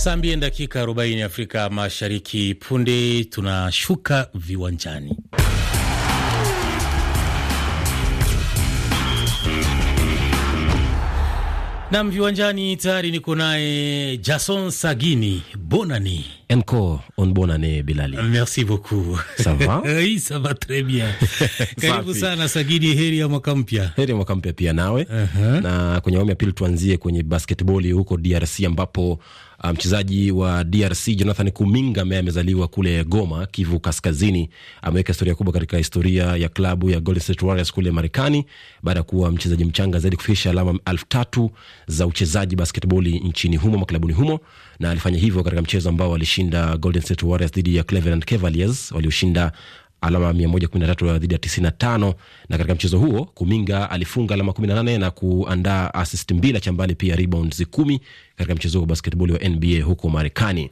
Saa mbili dakika 40 Afrika Mashariki. Punde tunashuka viwanjani nam viwanjani tayari niko naye Jason Sagini. Bonani encore Bilali, merci beaucoup ça va oui ça va bien karibu sana Sagini, heri ya mwaka mpya. Heri ya mwaka mpya pia nawe. uh -huh. Na kwenye awamu ya pili tuanzie kwenye basketball huko DRC ambapo Uh, mchezaji um, wa DRC Jonathan Kuminga ambaye amezaliwa kule Goma, Kivu Kaskazini, ameweka historia kubwa katika historia ya klabu ya Golden State Warriors kule Marekani baada ya kuwa mchezaji mchanga zaidi kufikisha alama elfu tatu za uchezaji basketboli nchini humo maklabuni humo, na alifanya hivyo katika mchezo ambao walishinda Golden State Warriors dhidi ya Cleveland Cavaliers walioshinda alama 113 dhidi ya 95, na katika mchezo huo Kuminga alifunga alama 18 na kuandaa assist mbili chambani, pia rebounds 10 katika mchezo wa basketball wa NBA huko Marekani.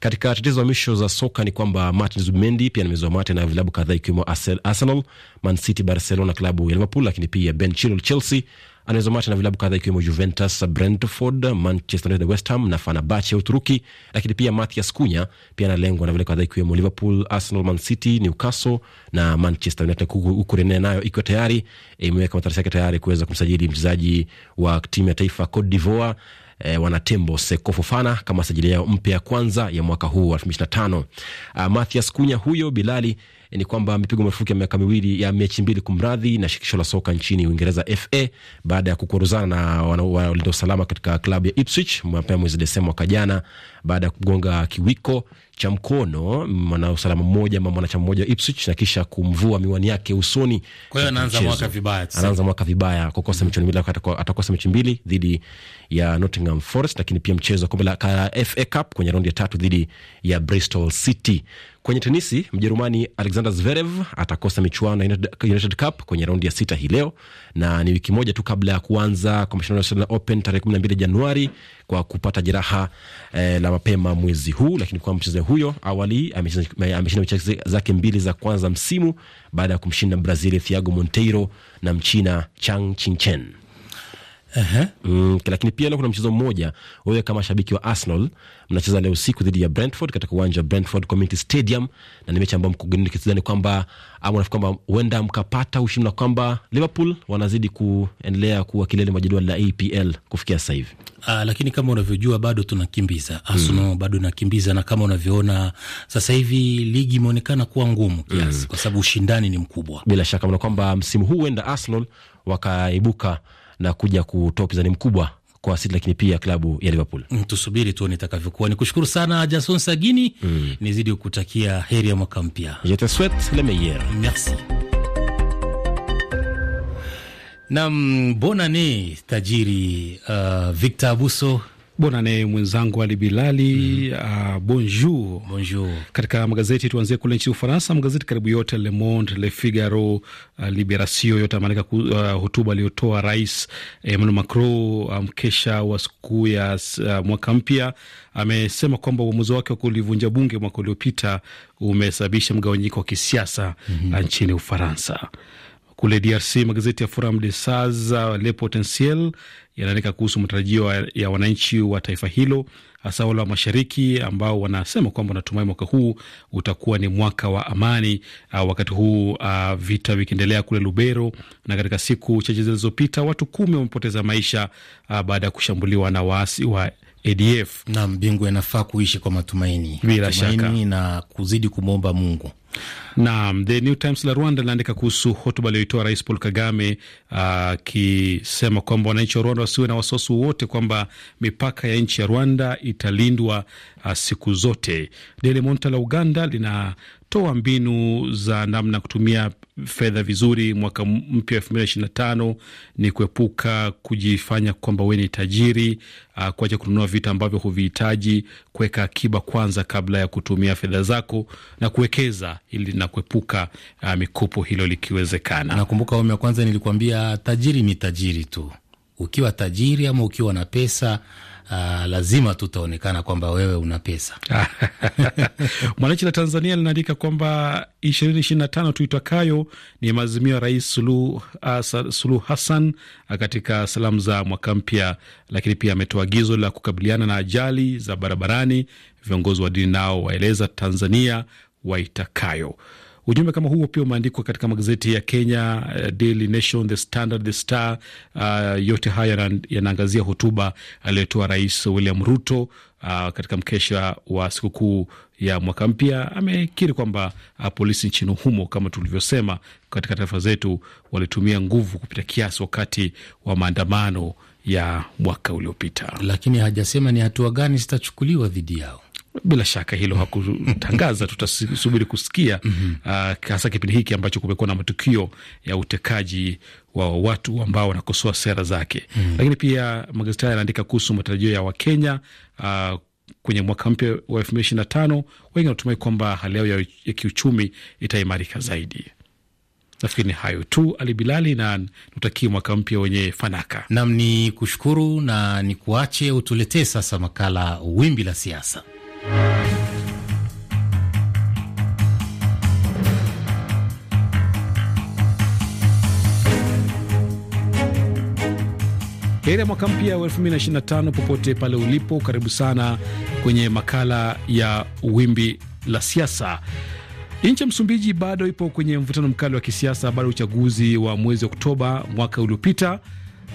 Katika tetezo za mwisho za soka ni kwamba Martin Zubimendi pia nimezoa mate na vilabu kadhaa ikiwemo Arsenal, Man City, Barcelona, klabu ya Liverpool, lakini pia Ben Chilwell Chelsea anaweza mata na vilabu kadhaa ikiwemo Juventus, Brentford, Manchester United, West Ham na Fenerbahce ya Uturuki. Lakini pia Mathias Kunya pia analengwa na vile kadhaa ikiwemo Liverpool, Arsenal, Man City, Newcastle na Manchester United, huku Rennes nayo ikiwa tayari imeweka matarasi yake tayari kuweza kumsajili mchezaji wa timu ya taifa Cote d'Ivoire E, wanatembo Seko Fofana kama sajili yao mpya ya kwanza ya mwaka huu wa elfu mbili ishirini na tano. Ah, Mathias Kunya huyo Bilali Eh, ni kwamba amepigwa marufuku ya miaka miwili ya mechi mbili kumradhi, na shirikisho la soka nchini Uingereza FA baada ya kukoruzana na walinda usalama katika klabu ya Ipswich mapema mwezi Desemba mwaka jana baada ya kugonga kiwiko cha mkono mwanausalama mmoja ama mwanachama mmoja wa Ipswich na kisha kumvua miwani yake usoni. Kwa hiyo anaanza mwaka vibaya, anaanza mwaka vibaya kukosa michuano mbili, atakosa mechi mbili dhidi ya Nottingham Forest, lakini pia mchezo wa kombe la FA Cup kwenye raundi ya tatu dhidi ya Bristol City. Kwenye tenisi, Mjerumani Alexander Zverev atakosa michuano ya United Cup kwenye raundi ya sita hii leo, na ni wiki moja tu kabla ya kuanza kwa mashindano ya Australian Open tarehe 12 Januari kwa kupata jeraha eh, la mapema mwezi huu, lakini kwa mchezaji huyo awali ameshinda mechi zake mbili za kwanza msimu baada ya kumshinda Brazil Thiago Monteiro na Mchina Chang Chinchen. Mm, lakini pia leo kuna mchezo mmoja, wewe kama shabiki wa Arsenal mnacheza leo usiku dhidi ya Brentford katika uwanja wa Brentford Community Stadium, na ni mechi ambayo mkogeni kizani kwamba ama nafikiri kwamba huenda mkapata ushindi na kwamba Liverpool wanazidi kuendelea kuwa kilele mwa jedwali la EPL kufikia sasa hivi. Uh, lakini kama unavyojua bado tunakimbiza mm. Arsenal mm. bado nakimbiza, na kama unavyoona sasa hivi ligi imeonekana kuwa ngumu mm. kiasi mm. kwa sababu ushindani ni mkubwa. Bila shaka mna kwamba msimu huu huenda Arsenal wakaibuka na kuja kutoa upinzani mkubwa kwa City lakini pia klabu ya Liverpool. Mm, tusubiri tu nitakavyokuwa. Ni kushukuru sana Jason Sagini mm. Nizidi kutakia heri ya mwaka mpya. Je te souhaite le meilleur. Merci. Nam, bona ni tajiri uh, Victor Abuso Bwana naye mwenzangu Ali Bilali. mm. Uh, bonjour. Bonjour. Katika magazeti tuanzie kule nchini Ufaransa, magazeti karibu yote Le Monde, Le Figaro, uh, Liberation yote ameandika uh, hotuba aliyotoa Rais Emmanuel Macron mkesha um, wa sikukuu ya uh, mwaka mpya. Amesema kwamba uamuzi wake wa kulivunja bunge mwaka uliopita umesababisha mgawanyiko wa kisiasa mm -hmm. nchini Ufaransa. Kule DRC magazeti ya Forum des As uh, Le Potentiel yanaandika kuhusu matarajio ya wananchi wa taifa hilo hasa wale wa mashariki ambao wanasema kwamba wanatumai mwaka huu utakuwa ni mwaka wa amani. Uh, wakati huu uh, vita vikiendelea kule Lubero, na katika siku chache zilizopita watu kumi wamepoteza maisha uh, baada ya kushambuliwa na waasi wa ADF. Naam, mbingu inafaa kuishi kwa matumaini, bila shaka, na kuzidi kumwomba Mungu. Naam, The New Times la Rwanda linaandika kuhusu hotuba aliyoitoa Rais Paul Kagame akisema uh, kwamba wananchi wa Rwanda wasiwe na wasiwasi wowote kwamba mipaka ya nchi ya Rwanda italindwa uh, siku zote. Daily Monitor la Uganda lina kutoa mbinu za namna kutumia fedha vizuri mwaka mpya wa elfu mbili ishirini na tano ni kuepuka kujifanya kwamba we ni tajiri, uh, kuacha kununua vitu ambavyo huvihitaji, kuweka akiba kwanza kabla ya kutumia fedha zako na kuwekeza ili na kuepuka uh, mikopo, hilo likiwezekana. Nakumbuka awamu ya kwanza nilikuambia tajiri ni tajiri tu, ukiwa tajiri ama ukiwa na pesa uh, lazima tutaonekana kwamba wewe una pesa. Mwananchi la Tanzania linaandika kwamba ishirini ishirini na tano tuitakayo ni maazimio ya Rais suluh uh, ah, Suluhu Hassan uh, katika salamu za mwaka mpya, lakini pia ametoa agizo la kukabiliana na ajali za barabarani. Viongozi wa dini nao waeleza Tanzania waitakayo. Ujumbe kama huo pia umeandikwa katika magazeti ya Kenya, uh, Daily Nation, The Standard, The Star. Uh, yote haya yanaangazia hotuba aliyotoa Rais William Ruto uh, katika mkesha wa sikukuu ya mwaka mpya. Amekiri kwamba uh, polisi nchini humo kama tulivyosema katika taarifa zetu, walitumia nguvu kupita kiasi wakati wa maandamano ya mwaka uliopita, lakini hajasema ni hatua gani zitachukuliwa dhidi yao. Bila shaka hilo hakutangaza, tutasubiri kusikia mm -hmm. hasa kipindi hiki ambacho kumekuwa na matukio ya utekaji wa watu ambao wanakosoa sera zake mm -hmm. Lakini pia magazeti haya yanaandika kuhusu matarajio ya Wakenya uh, kwenye mwaka mpya wa elfu mbili ishirini na tano. Wengi wanatumai kwamba hali yao ya, ya kiuchumi itaimarika zaidi. Nafikiri ni hayo tu, Ali Bilali, na nutakie mwaka mpya wenye fanaka. Nam ni kushukuru na ni kuache utuletee sasa makala Wimbi la Siasa. Heri ya mwaka mpya wa 2025 popote pale ulipo, karibu sana kwenye makala ya wimbi la siasa. Nchi ya Msumbiji bado ipo kwenye mvutano mkali wa kisiasa baada ya uchaguzi wa mwezi Oktoba mwaka uliopita.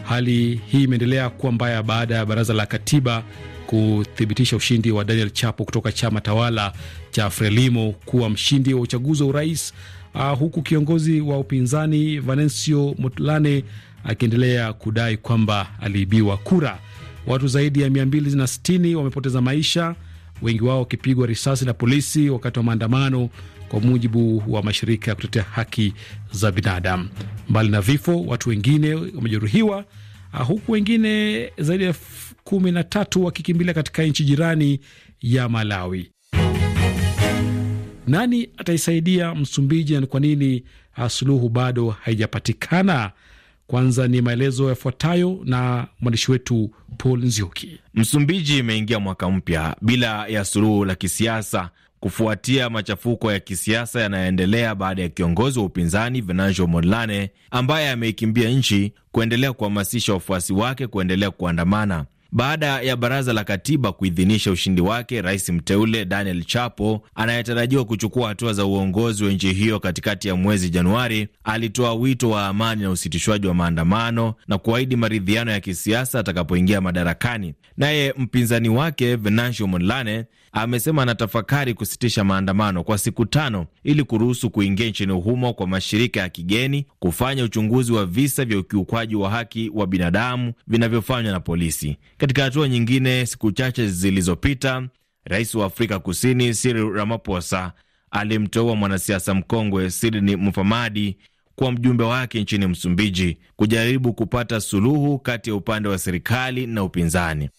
Hali hii imeendelea kuwa mbaya baada ya baraza la katiba kuthibitisha ushindi wa Daniel Chapo kutoka chama tawala cha Frelimo kuwa mshindi wa uchaguzi wa urais, uh, huku kiongozi wa upinzani Venancio Motlane akiendelea kudai kwamba aliibiwa kura. Watu zaidi ya 260 wamepoteza maisha, wengi wao wakipigwa risasi na polisi wakati wa maandamano, kwa mujibu wa mashirika ya kutetea haki za binadamu. Mbali na vifo, watu wengine wamejeruhiwa uh, huku wengine zaidi ya kumi na tatu wakikimbilia katika nchi jirani ya Malawi. Nani ataisaidia Msumbiji na ni kwa nini ah, suluhu bado haijapatikana? Kwanza ni maelezo yafuatayo na mwandishi wetu Paul Nzioki. Msumbiji imeingia mwaka mpya bila ya suluhu la kisiasa kufuatia machafuko ya kisiasa yanayoendelea baada ya kiongozi wa upinzani Venancio Mondlane ambaye ameikimbia nchi kuendelea kuhamasisha wafuasi wake kuendelea kuandamana. Baada ya baraza la katiba kuidhinisha ushindi wake, rais mteule Daniel Chapo anayetarajiwa kuchukua hatua za uongozi wa nchi hiyo katikati ya mwezi Januari alitoa wito wa amani na usitishwaji wa maandamano na kuahidi maridhiano ya kisiasa atakapoingia madarakani. Naye mpinzani wake Venancio Mondlane amesema anatafakari kusitisha maandamano kwa siku tano ili kuruhusu kuingia nchini humo kwa mashirika ya kigeni kufanya uchunguzi wa visa vya ukiukwaji wa haki wa binadamu vinavyofanywa na polisi. Katika hatua nyingine, siku chache zilizopita, rais wa Afrika Kusini Cyril Ramaphosa alimteua mwanasiasa mkongwe Sidni Mufamadi kuwa mjumbe wake nchini Msumbiji kujaribu kupata suluhu kati ya upande wa serikali na upinzani.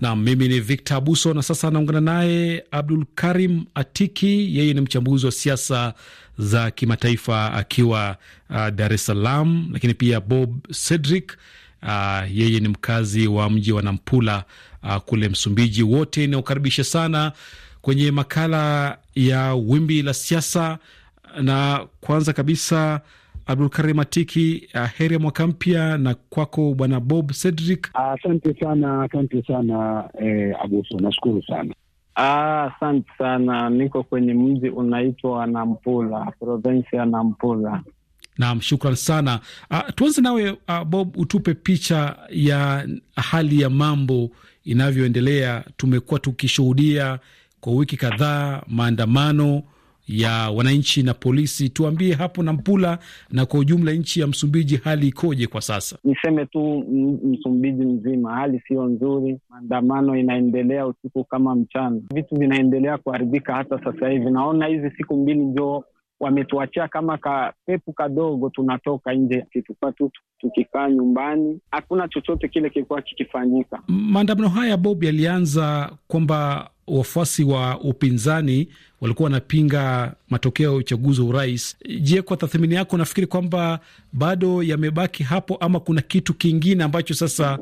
Nam, mimi ni Victor Abuso na sasa anaungana naye Abdul Karim Atiki. Yeye ni mchambuzi wa siasa za kimataifa akiwa uh, Dar es Salaam, lakini pia Bob Cedric uh, yeye ni mkazi wa mji wa Nampula uh, kule Msumbiji. Wote inaokaribisha sana kwenye makala ya wimbi la siasa, na kwanza kabisa Abdulkarim Atiki, uh, heri ya mwaka mpya na kwako bwana Bob Cedric. Asante sana asante sana eh, Abuso, nashukuru sana ah, asante sana. Niko kwenye mji unaitwa Nampula, provensi ya Nampula. Naam, shukran sana. Uh, tuanze nawe uh, Bob, utupe picha ya hali ya mambo inavyoendelea. Tumekuwa tukishuhudia kwa wiki kadhaa maandamano ya wananchi na polisi. Tuambie hapo na Mpula, na kwa ujumla nchi ya Msumbiji hali ikoje kwa sasa? Niseme tu Msumbiji mzima hali siyo nzuri, maandamano inaendelea usiku kama mchana, vitu vinaendelea kuharibika. Hata sasa hivi naona hizi siku mbili ndio wametuachia kama kapepu kadogo, tunatoka nje kituka tu tukikaa nyumbani, hakuna chochote kile kilikuwa kikifanyika. Maandamano haya Bob, yalianza kwamba wafuasi wa upinzani walikuwa wanapinga matokeo ya uchaguzi wa urais. Je, kwa tathmini yako, nafikiri kwamba bado yamebaki hapo ama kuna kitu kingine ambacho sasa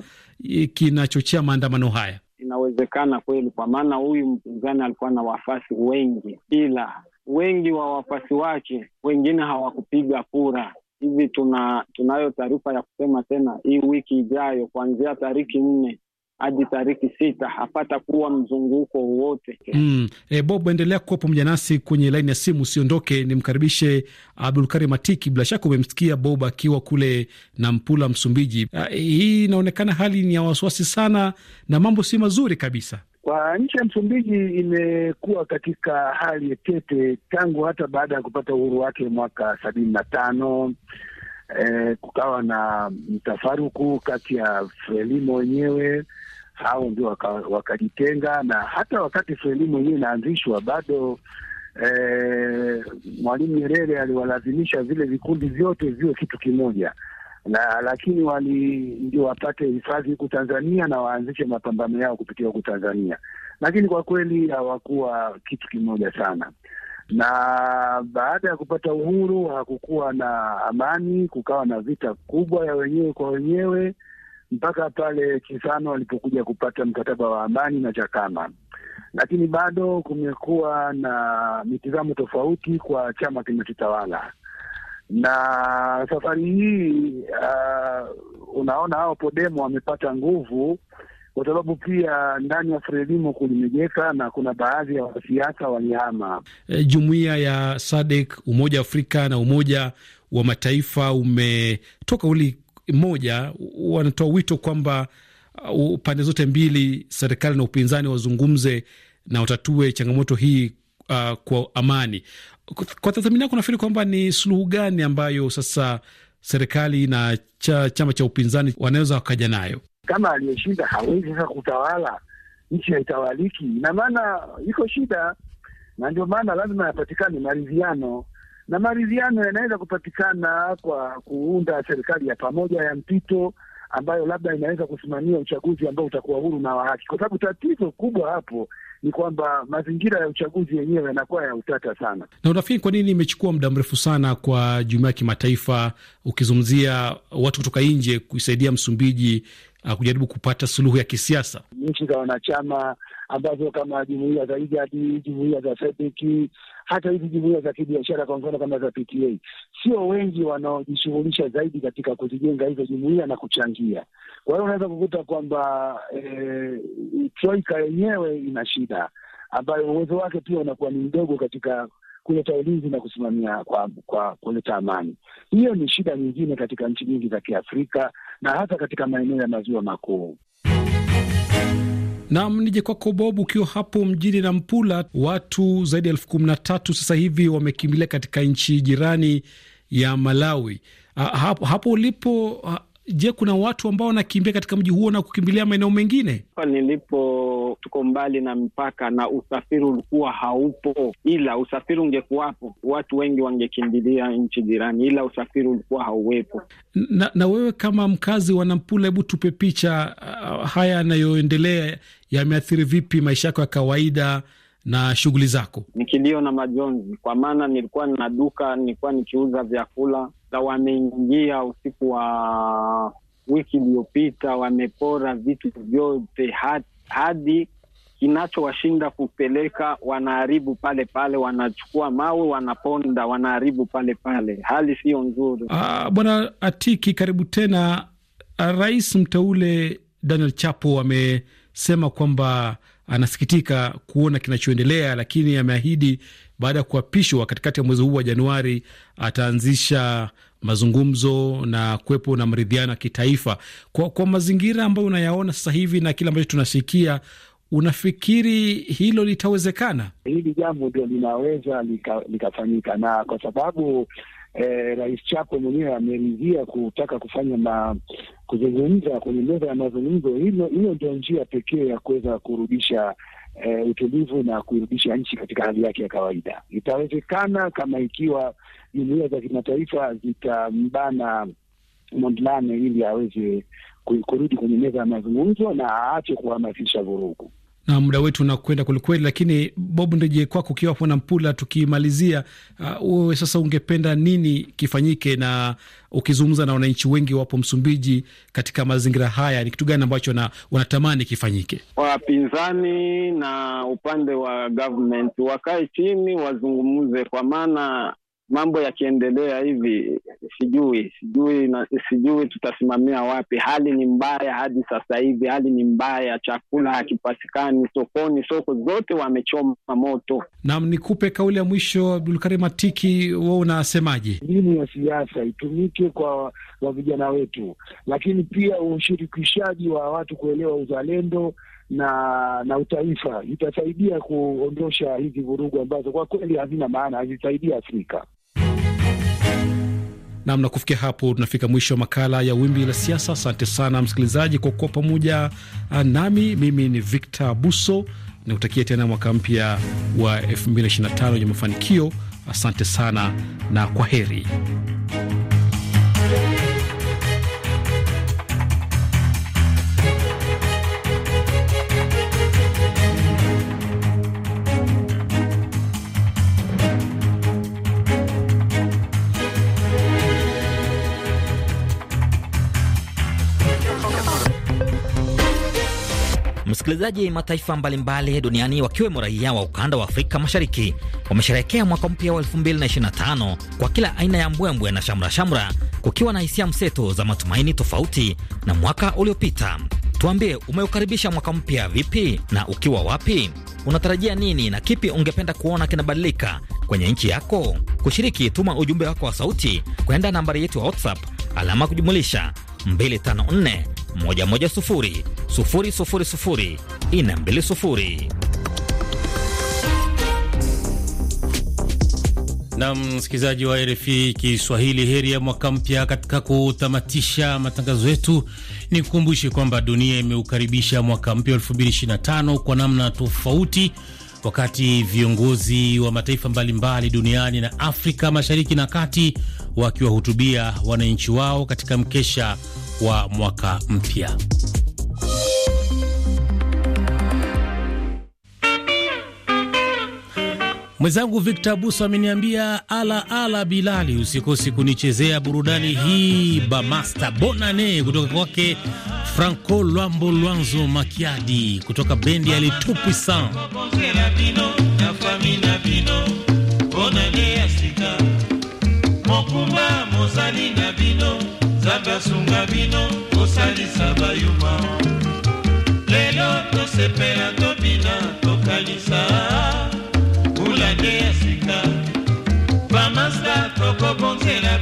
e, kinachochea maandamano haya? Inawezekana kweli, kwa maana huyu mpinzani alikuwa na wafuasi wengi, ila wengi wa wafuasi wake wengine hawakupiga kura. Hivi tuna tunayo taarifa ya kusema tena hii wiki ijayo, kuanzia tariki nne hadi tariki sita hapata kuwa mzunguko wowote. Mm. E, Bob, endelea kuwa pamoja nasi kwenye laini ya simu, usiondoke. Nimkaribishe Abdulkarim Atiki. Bila shaka umemsikia Bob akiwa kule Nampula, Msumbiji. Ah, hii inaonekana hali ni ya wasiwasi sana na mambo si mazuri kabisa. Kwa nchi ya Msumbiji imekuwa katika hali ya tete tangu hata baada ya kupata uhuru wake mwaka sabini na tano. Eh, kukawa na mtafaruku kati ya Frelimo wenyewe hao ndio wakajitenga waka, na hata wakati elimu mwenyewe inaanzishwa bado e, Mwalimu Nyerere aliwalazimisha vile vikundi vyote viwe kitu kimoja na lakini wali ndio wapate hifadhi huku Tanzania na waanzishe mapambano yao kupitia huku Tanzania, lakini kwa kweli hawakuwa kitu kimoja sana. Na baada ya kupata uhuru hakukuwa na amani, kukawa na vita kubwa ya wenyewe kwa wenyewe mpaka pale Kisano walipokuja kupata mkataba wa amani na Chakama, lakini bado kumekuwa na mitizamo tofauti kwa chama kinachotawala na safari hii uh, unaona hao Podemo wamepata nguvu kwa sababu pia ndani ya Frelimo kulimejeka na kuna baadhi ya wanasiasa walihama. E, eh, jumuiya ya SADC, Umoja wa Afrika na Umoja wa Mataifa umetoka uli moja wanatoa wito kwamba uh, pande zote mbili, serikali na upinzani, wazungumze na watatue changamoto hii uh, kwa amani. Kwa tathmini yako, nafikiri kwamba ni suluhu gani ambayo sasa serikali na cha, chama cha upinzani wanaweza wakaja nayo? Kama aliyeshinda hawezi sasa kutawala nchi haitawaliki, ina maana iko shida, na ndio maana lazima yapatikane maridhiano na maridhiano yanaweza kupatikana kwa kuunda serikali ya pamoja ya mpito ambayo labda inaweza kusimamia uchaguzi ambao utakuwa huru na wa haki, kwa sababu tatizo kubwa hapo ni kwamba mazingira ya uchaguzi yenyewe yanakuwa ya utata sana. Na unafikiri kwa nini imechukua muda mrefu sana kwa jumuiya ya kimataifa, ukizungumzia watu kutoka nje, kuisaidia Msumbiji Uh, kujaribu kupata suluhu ya kisiasa. Nchi za wanachama ambazo kama jumuia za ijadi jumuia za sebiki hata hizi jumuia za kibiashara, kwa mfano kama za PTA, sio wengi wanaojishughulisha zaidi katika kuzijenga hizo jumuia na kuchangia. Kwa hiyo unaweza kukuta kwamba e, troika yenyewe ina shida ambayo uwezo wake pia unakuwa ni mdogo katika kuleta ulinzi na kusimamia kwa, kwa kuleta amani. Hiyo ni shida nyingine katika nchi nyingi za Kiafrika na hasa katika maeneo ya maziwa makuu. Nam nije kwako Bob, ukiwa hapo mjini Nampula, watu zaidi ya elfu kumi na tatu sasa hivi wamekimbilia katika nchi jirani ya Malawi. Hapo, hapo ulipo, je, kuna watu ambao wanakimbia katika mji huo na kukimbilia maeneo mengine? Nilipo tuko mbali na mipaka na usafiri ulikuwa haupo, ila usafiri ungekuwapo watu wengi wangekimbilia nchi jirani, ila usafiri ulikuwa hauwepo. Na, na wewe kama mkazi wa Nampula, hebu tupe picha uh, haya yanayoendelea yameathiri vipi maisha yako ya kawaida na shughuli zako? Ni kilio na majonzi, kwa maana nilikuwa na duka, nilikuwa nikiuza vyakula na wameingia usiku wa wiki iliyopita, wamepora vitu vyote hata hadi kinachowashinda kupeleka, wanaharibu pale pale, wanachukua mawe, wanaponda, wanaharibu pale pale. Hali siyo nzuri. Ah, Bwana Atiki, karibu tena. Ah, Rais mteule Daniel Chapo amesema kwamba anasikitika kuona kinachoendelea, lakini ameahidi baada ya kuapishwa katikati ya mwezi huu wa Januari ataanzisha mazungumzo na kuwepo na maridhiano ya kitaifa. Kwa, kwa mazingira ambayo unayaona sasa hivi na kile ambacho tunasikia unafikiri hilo litawezekana? Hili jambo ndio linaweza likafanyika lika, na kwa sababu eh, Rais Chapo mwenyewe ameridhia kutaka kufanya ma, kuzungumza kwenye meza ya mazungumzo. Hiyo ndio njia pekee ya kuweza kurudisha e, utulivu na kuirudisha nchi katika hali yake ya kawaida. Itawezekana kama ikiwa jumuia za kimataifa zitambana Mondlane ili aweze kurudi kwenye meza ya mazungumzo na aache kuhamasisha vurugu na muda wetu unakwenda kwelikweli, lakini Bob, ndeje kwako, ukiwa hapo na Mpula tukimalizia, uh, wewe uh, sasa ungependa nini kifanyike, na ukizungumza na wananchi wengi wapo Msumbiji katika mazingira haya, ni kitu gani ambacho na wanatamani kifanyike? Wapinzani na upande wa government wakae chini wazungumze, kwa maana mambo yakiendelea hivi, sijui sijui na, sijui tutasimamia wapi. Hali ni mbaya hadi sasa hivi, hali ni mbaya, chakula hakipatikani sokoni, soko zote wamechoma moto. ni nikupe kauli ya mwisho, Abdulkarim Atiki, wa unasemaje? Elimu ya siasa itumike kwa wa vijana wetu, lakini pia ushirikishaji wa watu kuelewa uzalendo na na utaifa itasaidia kuondosha hizi vurugu ambazo kwa kweli hazina maana, hazisaidii Afrika. Nam, na kufikia hapo tunafika mwisho wa makala ya Wimbi la Siasa. Asante sana msikilizaji kwa kuwa pamoja ah, nami. Mimi ni Victor Buso, nakutakia tena mwaka mpya wa 2025 wenye mafanikio. Asante sana na kwa heri. Msikilizaji, mataifa mbalimbali duniani wakiwemo raia wa ukanda wa Afrika Mashariki wamesherehekea mwaka mpya wa 2025 kwa kila aina ya mbwembwe na shamra shamra kukiwa na hisia mseto za matumaini tofauti na mwaka uliopita. Tuambie, umeukaribisha mwaka mpya vipi na ukiwa wapi? Unatarajia nini na kipi ungependa kuona kinabadilika kwenye nchi yako? Kushiriki, tuma ujumbe wako wa sauti kwenda nambari yetu ya WhatsApp alama kujumulisha 254 110 na msikilizaji wa RFI Kiswahili, heri ya mwaka mpya. Katika kutamatisha matangazo yetu, ni kukumbushe kwamba dunia imeukaribisha mwaka mpya 2025 kwa namna tofauti, wakati viongozi wa mataifa mbalimbali duniani na Afrika Mashariki na Kati wakiwahutubia wananchi wao katika mkesha wa mwaka mpya. Mwenzangu Victor Abuso ameniambia ala ala, Bilali, usikosi kunichezea burudani hii bamasta bonane kutoka kwake Franco Lwambo Lwanzo Makiadi kutoka bendi ya Litupuisan. mokumba na bino bino kosalisa lelo tosepela tobina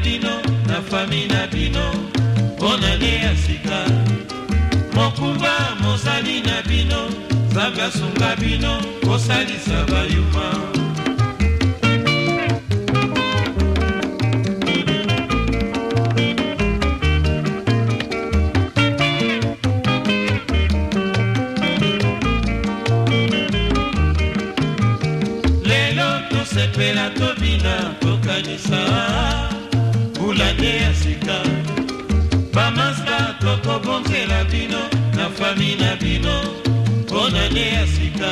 bino na fami na bino mponani ya sika mokumba mozali na bino nzambe asunga bino kosalisa bayuma sepela tobina tokanisa mbula te ya sika bamaska tokobonzela bino na fami na bino mpona nde ya sika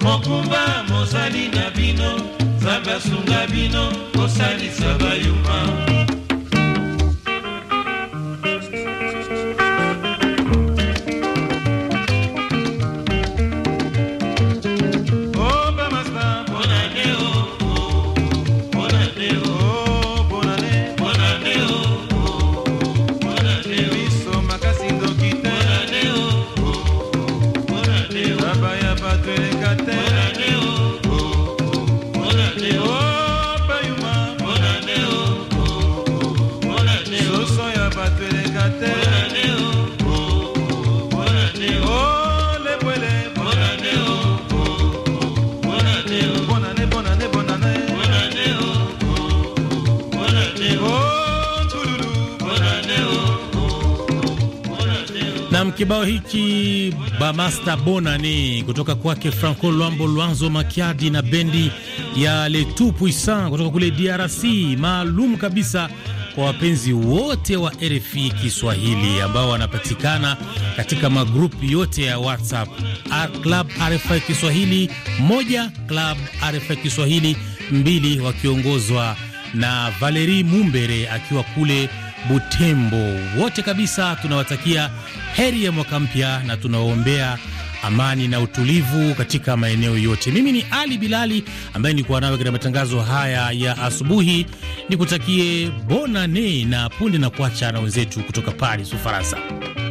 mokumba mosali na bino nzambe asunga bino kosalisa bayuma Kibao hiki Bamasta Bona ni kutoka kwake Franco Lwambo Lwanzo Makiadi na bendi ya Tout Puissant kutoka kule DRC, maalum kabisa kwa wapenzi wote wa RFI Kiswahili ambao wanapatikana katika magrupu yote ya WhatsApp R Club RFI Kiswahili moja, Club RFI Kiswahili mbili, wakiongozwa na Valerie Mumbere akiwa kule Butembo. Wote kabisa tunawatakia heri ya mwaka mpya na tunawaombea amani na utulivu katika maeneo yote. Mimi ni Ali Bilali ambaye nilikuwa nawe katika matangazo haya ya asubuhi, nikutakie bonane na punde na kuacha na wenzetu kutoka Paris, Ufaransa.